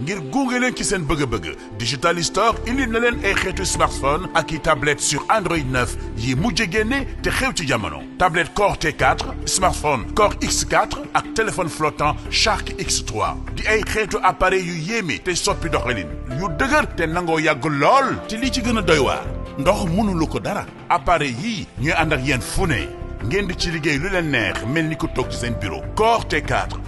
ngir gunge leen ci seen bëgg-bëgg digital store indil na leen ay xeetu smartphone ak i tablette sur Android 9 yi mu génne te xew ci jamono tablette Core T4 smartphone Core x ak téléphone flottant Shark X3 di ay xeetu appareil yu yéeme te soppi doxalin yu dëgër te nangoo yàgg lool te li ci gën a doy waar ndox mënulu ko dara appareil yi ñu ànd ak yéen fu ne ngeen di ci liggéey lu leen neex mel ni ku toog ci seen bureau Core T4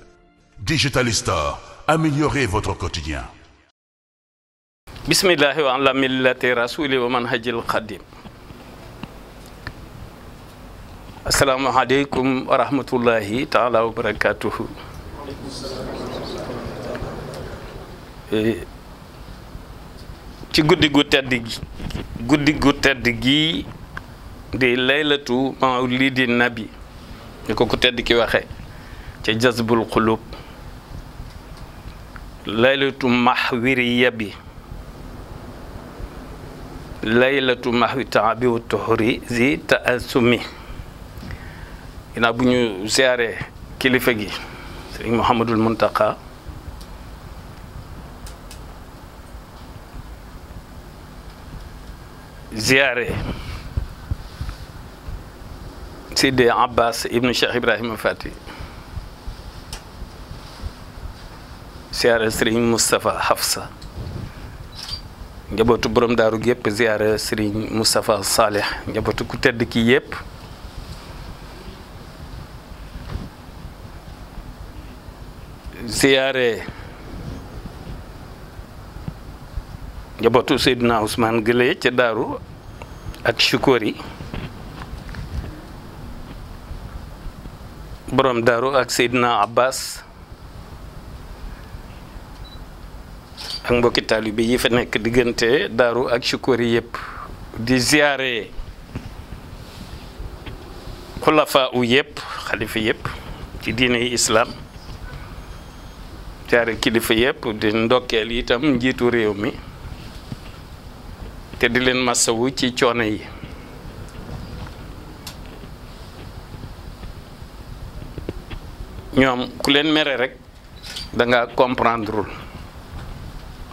Digital Store, wa ala millati rasuli wa manhajil xadim asalaamualeykum eh, ci guddi gu tedd gi guddi gu tedd gi di laylatu mawlidi nabi ñu ko ku tedd ki waxe ca jazbul xulub laylatu mahwiriya bi laylatu mahwi taabi wa tuhri zi taasumi ginnaaw bu ñu siyaaree kilifa gi sëriñ Mouhamadul Muntaka ziyaare Sidi Abbas ibnu Cheikh Ibrahima Fati ziyaara sëriñ Moustapha Hafsa njabootu borom daaru gi yëpp ziyaara sëriñ Moustapha Saleh njabootu ku tedd ki yëpp ziyaare njabootu Seydina Ousmane Gëlé daaru ak Chukori borom daaru ak Seydina Abbas ak mbokki taalibe yi fa nekk diggante daaru ak Shukuri yëpp di ziare xulafaa u yëpp xalifa yëpp ci diine islaam ziare kilifa yëpp di ndokkeel itam njiitu réew mi te di leen masawu ci coono yi ñoom ku leen mere rekk danga nga comprendrewul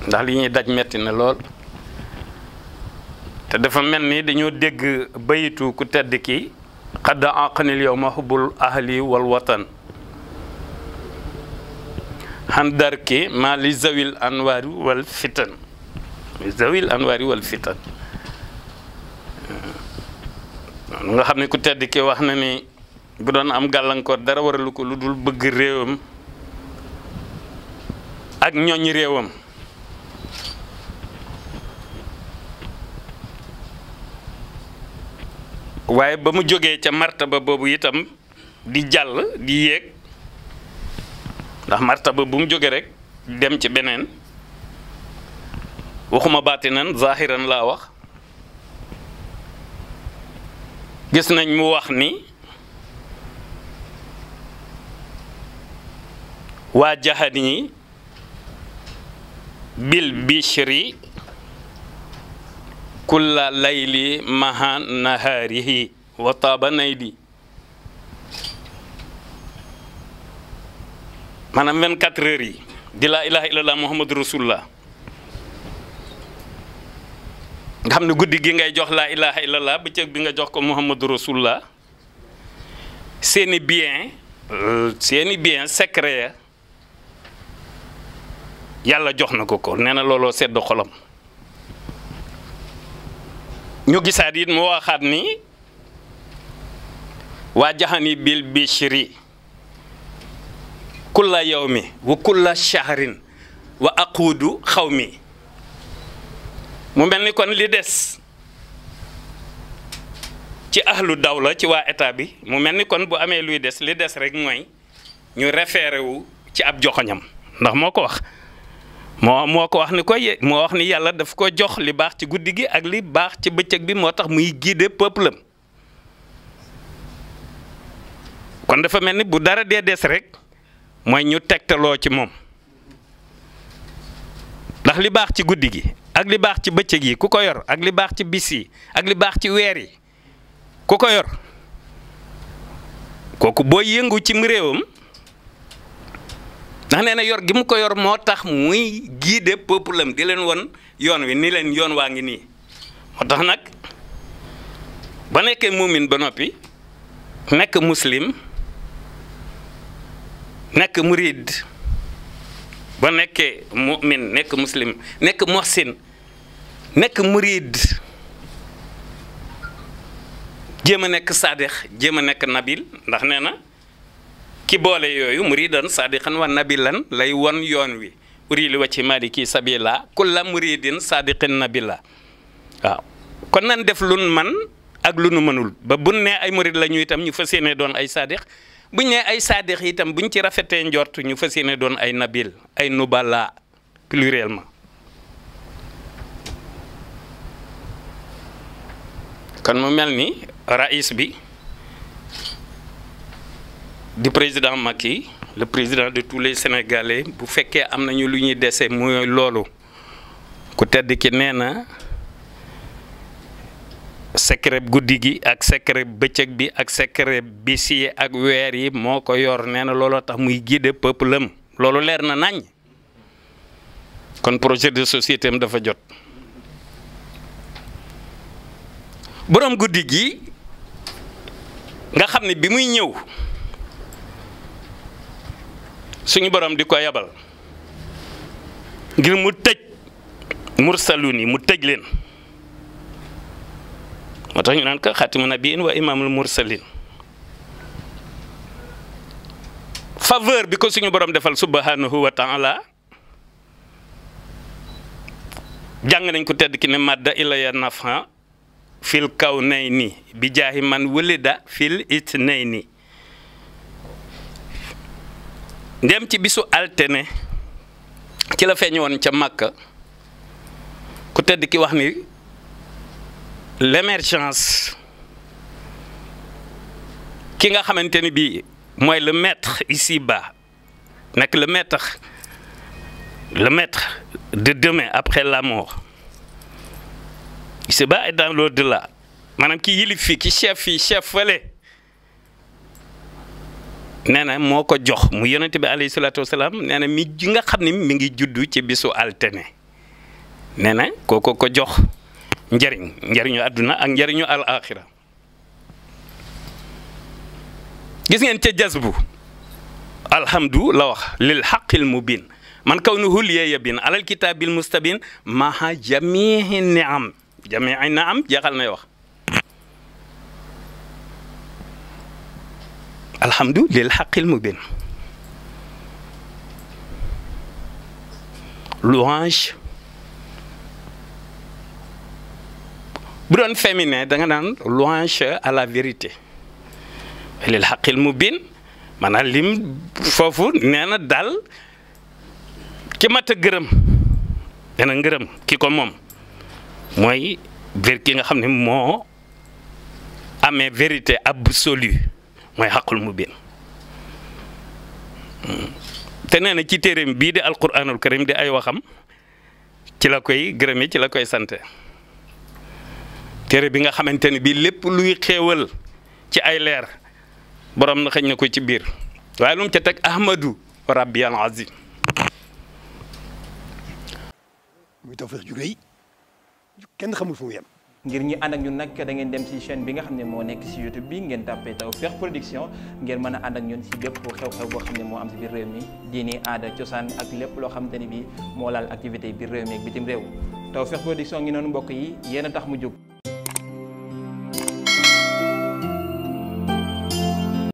ndax li ñuy daj metti na lool te dafa mel ni dañoo dégg bayitu ku tedd ki xadd àqanil yow ma xubbul ahli wal watan xandarki ma li zawil anwaari wal fitan li zawil anwaari wal fitan nga xam ne ku tedd ki wax na ni bu doon am gàllankoor dara waralu ko lu dul bëgg réewam ak ñooñ réewam waaye ba mu jógee ca martaba boobu itam di jàll di yéeg ndax martaba bu mu jógee rekk dem ci beneen waxuma baatinan zahiran laa wax gis nañ mu wax ni waa jahani bil bishri kulla layli maha naharihi wa taaba naydi maanaam 24 heures yi di laa ilaha illallah muhammadu rasulullah nga xam ne guddi gi ngay jox laa ilaha illallah bëccëg bi nga jox ko muhammadu rasulullah seeni bien seeni bien secret yàlla jox na ko ko nee na looloo sedd xolam ñu gisaat it mu waxaat ni waa jaxani bil bishri kulla mi wa kulla shahrin wa xaw mi mu mel ni kon li des ci ahlu la ci waa état bi mu mel ni kon bu amee luy des li des rek mooy ñu référé ci ab joxoñam ndax moo ko wax moo moo ko wax ni koy moo wax ni yàlla daf ko jox li baax ci guddi gi ak li baax ci bëccëg bi moo tax muy guider peuple kon dafa mel ni bu dara dee des rekk mooy ñu tegtaloo ci moom ndax li baax ci guddi gi ak li baax ci bëccëg yi ku ko yor ak li baax ci bis yi ak li baax ci weer yi ku ko yor kooku boo yëngu cim réewam ndax nee na yor gi mu ko yor moo tax muy guider peuple am di leen won yoon wi ni leen yoon waa ngi nii moo tax nag ba nekkee muumin ba noppi nekk muslim nekk murid ba nekkee mu'min nekk muslim nekk muhsin nekk murid jéem a nekk saadix jéem a nekk nabil ndax nee na ki boole yooyu muridan saadixan wa nabilan lay won yoon wi uri ci wacci maliki sabila kulla muridin saadiqin nabila waaw kon nan def lun man ak lu nu mënul ba bun ne ay murid la ñu itam ñu fa yéene doon ay saadix bu ne ay saadix itam bu ci rafetee njort ñu fas yéene doon ay nabil ay nubala pluriellement kon mu mel ni raïs bi di président Macky le président de tous les sénégalais bu fekkee am nañu lu ñuy dese mooy loolu ku tedd ki nee na secret guddi gi ak secret bëccëg bi ak secret bis ak weer yi moo ko yor nee na looloo tax muy giide pëpp am loolu leer na nañ kon projet de société dafa jot boroom guddi gi nga xam ne bi muy ñëw suñu boroom di ko yabal ngir mu tëj mursalun yi mu tëj leen moo tax ñu naan ko xaatimu nabiin wa imaamul mursalin faveur bi ko suñu borom defal subhanahu wa taala jàng nañ ko tedd ki ne madda ilaya nafa fil kaw nay ni bi jaahi man wulida fil it nay ni ndem ci bisu altene ci la feeñoon ca màkk ku tedd ki wax ni l'émergence ki nga xamante ni bii mooy le maître ici-bas nekk le maître le maître de demain après la mort ici ba et dans l'au-delà maanaam ki yilif fii ki chef fii chef fële nee na moo ko jox mu yonente bi alayhi salaatu wasalaam nee na mi nga xam ne mi ngi juddu ci bisu altine nee na kooko ko jox njariñ njariñu àdduna ak njariñu al gis ngeen ca jazbu alhamdu la wax lil xaqil mubin man kaw nu hul yee yabin maha jamii niam jamii naam jeexal nay bu doon féminin danga nga naan louange à la vérité lil xaqil mu biin maanaam lim foofu nee na daal ki mat gërëm nee gërëm ki ko moom mooy ver nga xam ne moo amee vérité absolue mooy xaqul mu biin te nee na ci téereem bii di alquranul karim di ay waxam ci la koy gërëmee ci la koy sante téere bi nga xamante ni bii lépp luy xéewal ci ay leer borom na xëñ na ko ci biir waaye lu mu ca teg ahmadu rabbi al azim muy tawfeex ju rëy kenn xamul fu mu yem ngir ñi ànd ak ñun nag dangeen dem ci chaîne bi nga xam ne moo nekk ci youtube bi ngeen tàppee Tawfekh Production ngeen mën a ànd ak ñun ci bépp xew-xew boo xam ne moo am ci biir réew mi diini aada cosaan ak lépp loo xamante ni bi moo laal activité biir réew mi ak bitim réew Tawfekh Production ngi noonu mbokk yi yéen tax mu jóg